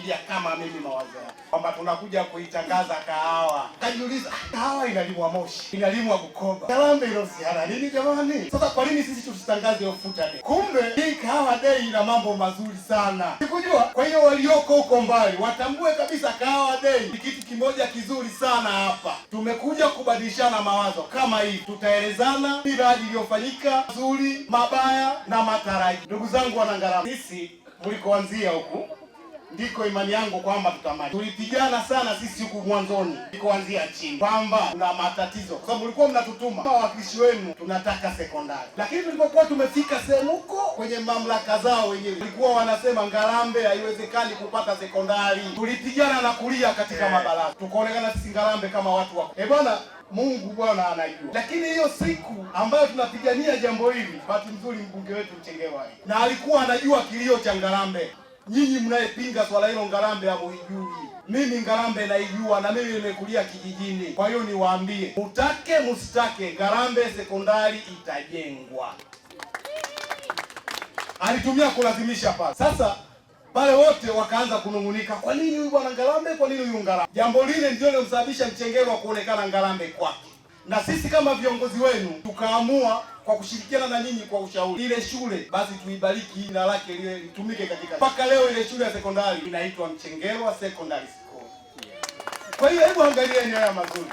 anafikiria kama mimi mawazo yake kwamba tunakuja kuitangaza kahawa. Kajiuliza, kahawa inalimwa Moshi, inalimwa Bukoba, Kalambe inahusiana nini jamani? Sasa kwa nini sisi tusitangaze ofuta day? Kumbe hii kahawa day ina mambo mazuri sana sikujua. Kwa hiyo walioko huko mbali watambue kabisa kahawa day ni kitu kimoja kizuri sana. Hapa tumekuja kubadilishana mawazo kama hii, tutaelezana miradi iliyofanyika mazuri, mabaya na mataraji. Ndugu zangu Wanangalama, sisi mlikoanzia huku ndiko imani yangu kwamba tutamaliza. Tulipigana sana sisi huku mwanzoni, ikoanzia chini, kwamba kuna matatizo, kwa sababu mlikuwa mnatutuma wawakilishi wenu, tunataka sekondari. Lakini tulipokuwa tumefika sehemu huko kwenye mamlaka zao wenyewe, walikuwa wanasema Ngarambe haiwezekani kupata sekondari. Tulipigana na kulia katika yeah, mabaraza, tukaonekana sisi Ngarambe kama watu wako eh bwana Mungu Bwana anajua. Lakini hiyo siku ambayo tunapigania jambo hili, bahati nzuri mbunge wetu mchengewa na alikuwa anajua kilio cha Ngarambe nyinyi mnayepinga swala hilo Ngarambe hamuijui. Mimi Ngarambe naijua, na mimi nimekulia kijijini. Kwa hiyo niwaambie, mutake mustake, Ngarambe sekondari itajengwa. Alitumia kulazimisha pale. Sasa pale wote wakaanza kunungunika, kwa nini huyu bwana Ngarambe, kwa nini huyu Ngarambe? Jambo lile ndio lilomsababisha Mchengerwa kuonekana Ngarambe kwake na sisi kama viongozi wenu tukaamua kwa kushirikiana na nyinyi kwa ushauri, ile shule basi tuibariki, jina lake liwe litumike katika. Mpaka leo ile shule ya sekondari inaitwa Mchengerwa Secondary School. Kwa hiyo hebu angalieni haya mazuri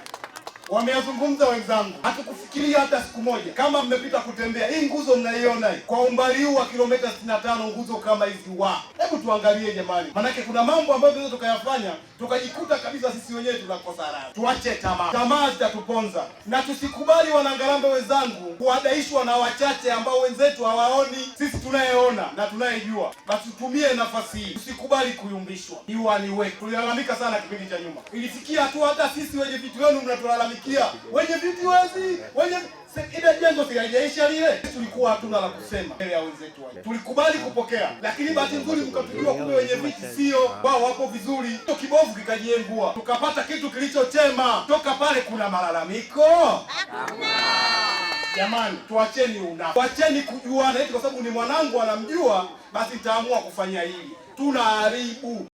wameyazungumza wenzangu, hatukufikiria hata siku moja. Kama mmepita kutembea hii nguzo mnaiona hii, kwa umbali huu wa kilomita 65 nguzo kama hizi wa, hebu tuangalie jamani, manake kuna mambo ambayo tunaweza tukayafanya tukajikuta kabisa sisi wenyewe tunakosa raha. Tuache tamaa, tamaa zitatuponza, na tusikubali wanangarambe wenzangu kuhadaishwa na wachache ambao wenzetu hawaoni, sisi tunayeona na tunayejua, na tutumie nafasi hii, tusikubali kuyumbishwa. Iwani wetu tulilalamika sana kipindi cha nyuma, ilifikia hatua hata sisi wenye vitu wenu mnatulalamika kulalamikia wenye viti wazi, wenye ile jengo halijaisha lile. Tulikuwa hatuna la kusema mbele ya wenzetu wao, tulikubali kupokea, lakini bahati nzuri mkatujua, kumbe wenye viti sio wao, wapo vizuri. To kibovu kikajiengua, tukapata kitu kilichochema. Toka pale kuna malalamiko Jamani, tuacheni una tuacheni kujuana, eti kwa sababu ni mwanangu anamjua, basi nitaamua kufanya hili. Tunaharibu.